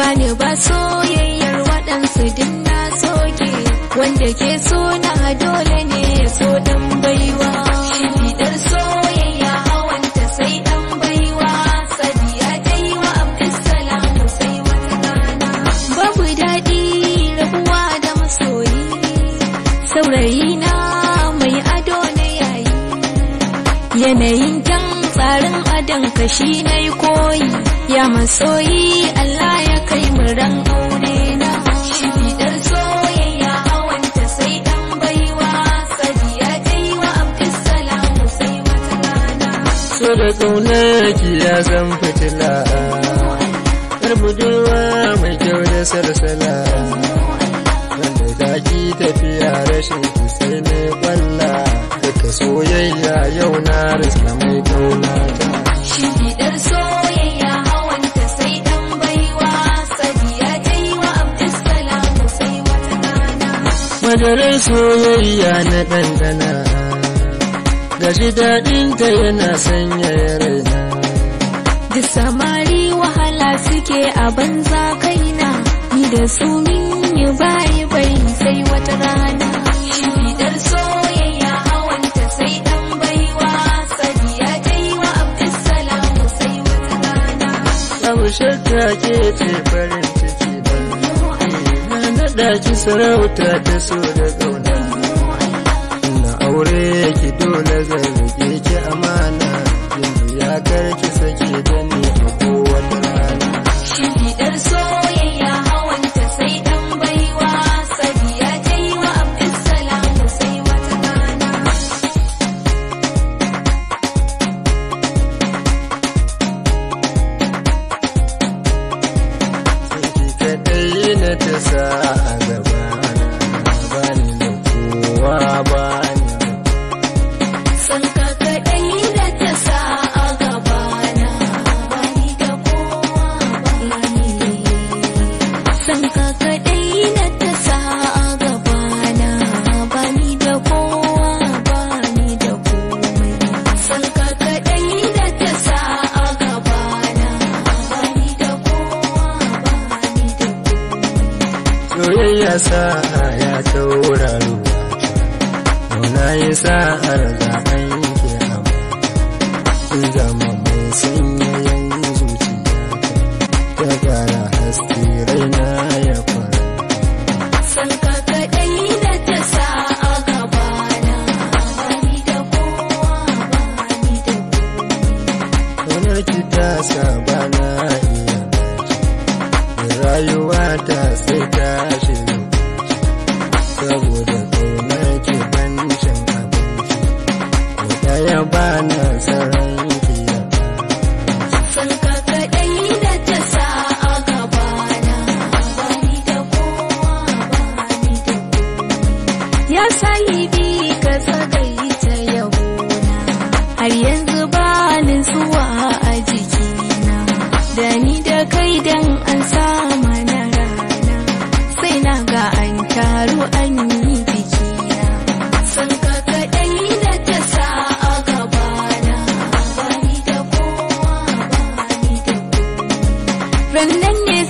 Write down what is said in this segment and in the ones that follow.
bani ba soyayyar waɗansu din na soke wanda ke so na dole ne ya so dan baiwa shimfiɗar soyayya awanta sai dan baiwa sadiya ta yi wa Abdulsalam sai wata rana babu daɗi rabuwa da masoyi saurayina mai ado na yayi yanayin kyan tsarin idan ka shi na yi koyi ya masoyi Allah ya kai mu ran aure na shi bidar soyayya awanta sai dan baiwa sadiya dai wa abdissalamu sai wata rana so da kauna ki ya zan fitila kar budurwa mai kyau da sarsala wanda da ki tafiya rashin ki sai ne balla daga soyayya yau na rasa madarar soyayya na ɗanɗana gashi daɗinta yana sanya raina da samari wahala suke a banza kaina ni da su min yi bayi bai sai wata rana shimfiɗar soyayya hawanta sai ɗan baiwa sadiya daiwa abdulsalam sai wata rana abu shakka ke ce farin ki sarauta ta so da ƙauna na aure ki dole zai rike ki amana yanzu ya karki saki ya sa'a ya tauraro Muna yi sa'ar da aiki a abu Zama mai sanya yanzu zuciya ta gara haske raina ya fara Sanka kaɗai da ta sa'a gabana Bani da kowa bani da kowa Wani ki ta sabana iya rayuwa ta sai ta har yanzu bani zuwa a jikina da ni da kai dan an sama na rana sai na ga an taru an yi bikina san ka kaɗai da ta sa a gabana ba ni da kowa ba ni da kowa rannan ne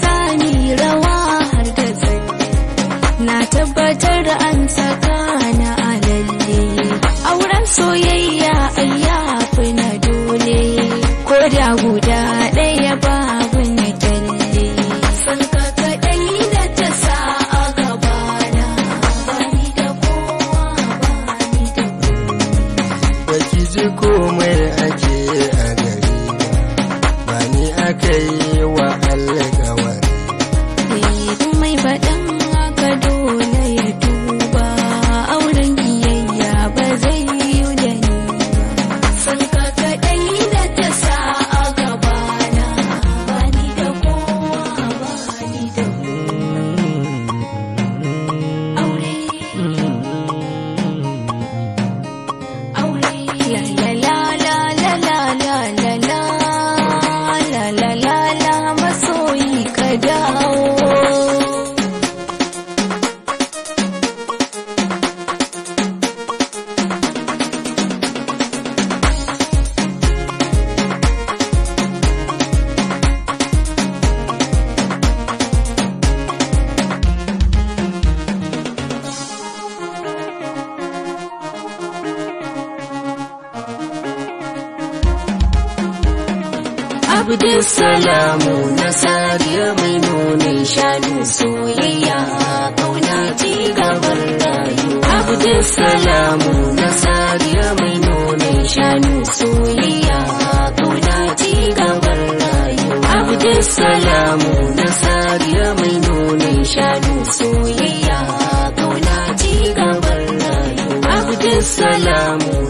ni rawa har da tsaye na tabbatar an saka na a lalle auren soyayya san ya na dole ko da guda salamu na sariya mai nuna shanu soyayya kauna ci gabar rayu. salamu na sariya mai nuna shanu soyayya kauna ci gabar rayu. salamu na sariya mai nunin shanu soyayya kauna ci gabar rayu. salamu